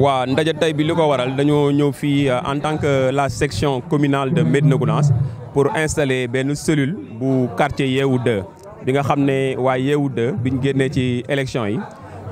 waa ndaje tey bi li ko waral dañoo ñëw fii euh, en tant que euh, la section communale de Médina Gounass pour installer benn cellule bu quartier Yeewu 2 bi nga xam ne waa Yeewu 2 bi ñu génnee ci élection yi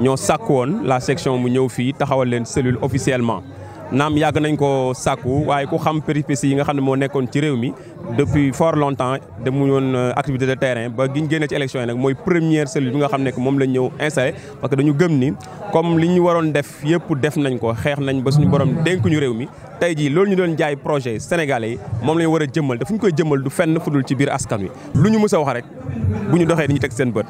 ñoo sàkk woon la section mu ñëw fii taxawal leen cellule officiellement naam yàgg nañ ko sàkku waaye ku xam péripéties yi nga xam ne moo nekkoon ci réew mi depuis fort longtemps demu woon euh, activité de terrain ba giñ génne ci élection yi nag mooy première cellule bi nga xam ne moom lañ ñëw installé parce que dañu gëm ni comme li ñu waroon def yëpp def nañ ko xeex nañ ba suñu borom dénkuñu réew mi tey jii loolu ñu doon jaay projet sénégalais yi moom lañ war a jëmmal dafa ñu koy jëmal du fenn fu dul ci biir askan wi lu ñu mës wax rek bu ñu doxee ñu teg seen bët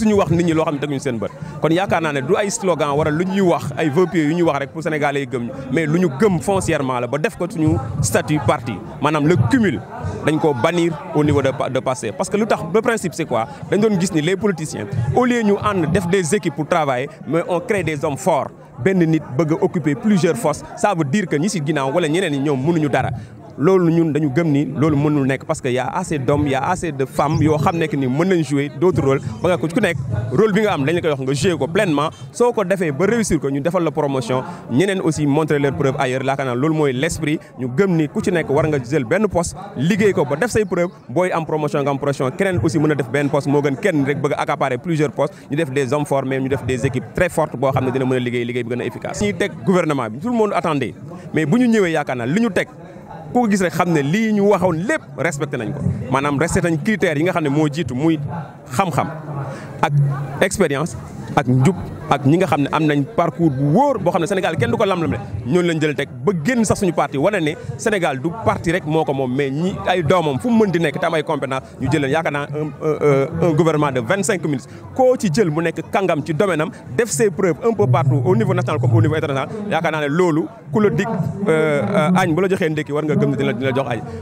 suñu wax nit ñi loo xam ne teguñu seen bët kon yaakaar naa ne du ay slogan wala lu ñu wax ay vœux pieux yu ñuy wax rek pour sénégalais gëm ñu mais lu ñu gëm foncièrement la ba def ko suñu statut parti maanaam le cumul dañ ko bannir au niveau de de Pastef parce que lu tax le principe c'est quoi dañ doon gis ni les politiciens au lieu ñu ànd def des équipes pour travailler mais on crée des hommes forts benn nit bëgg a occuper plusieurs forces ça veut dire que ñi ci ginnaaw wala ñeneen ñi ñoom mënuñu dara loolu ñun dañu gëm ni loolu mënul nekk parce que y' a assez d'hommes y' a assez de femmes yoo xam nekk ni mën nañ jouer d' autres rôles ba nga ko ku nekk rôle bi nga am dañ la koy nga jouer ko pleinement soo ko defee ba réussir ko ñu defal la promotion ñeneen aussi montrer leur preuve ailleurs laaka naa loolu mooy l' esprit ñu gëm ni ku nekk war nga jël benn poste liggéey ko ba def say preuve booy am promotion nga am promotion keneen aussi mën a def benn poste moo gën kenn a accaparer ku ko gis rek xam ne lii ñu waxoon lépp respecté nañ ko maanaam respecté nañ critères yi nga xam ne moo jiitu muy xam-xam ak expérience ak njub ak ñi nga xam ne am nañ parcours bu wóor boo xam ne Sénégal kenn du ko lamlam ne ñooñu lañ jël teg ba génn sax suñu parti wane ne Sénégal du parti rek moo ko moom mais ñi ay doomam fu mu mën di nekk tam ay compétence ñu jël leen yaakaar naa un gouvernement de vingt cinq ministres koo ci jël mu nekk kàngam ci domaine am def ses preuves un peu partout au niveau national comme au niveau international yaakaar naa ne loolu ku la dig euh, euh, añ bu la joxee ndékki war nga gëm ne dina la jox añ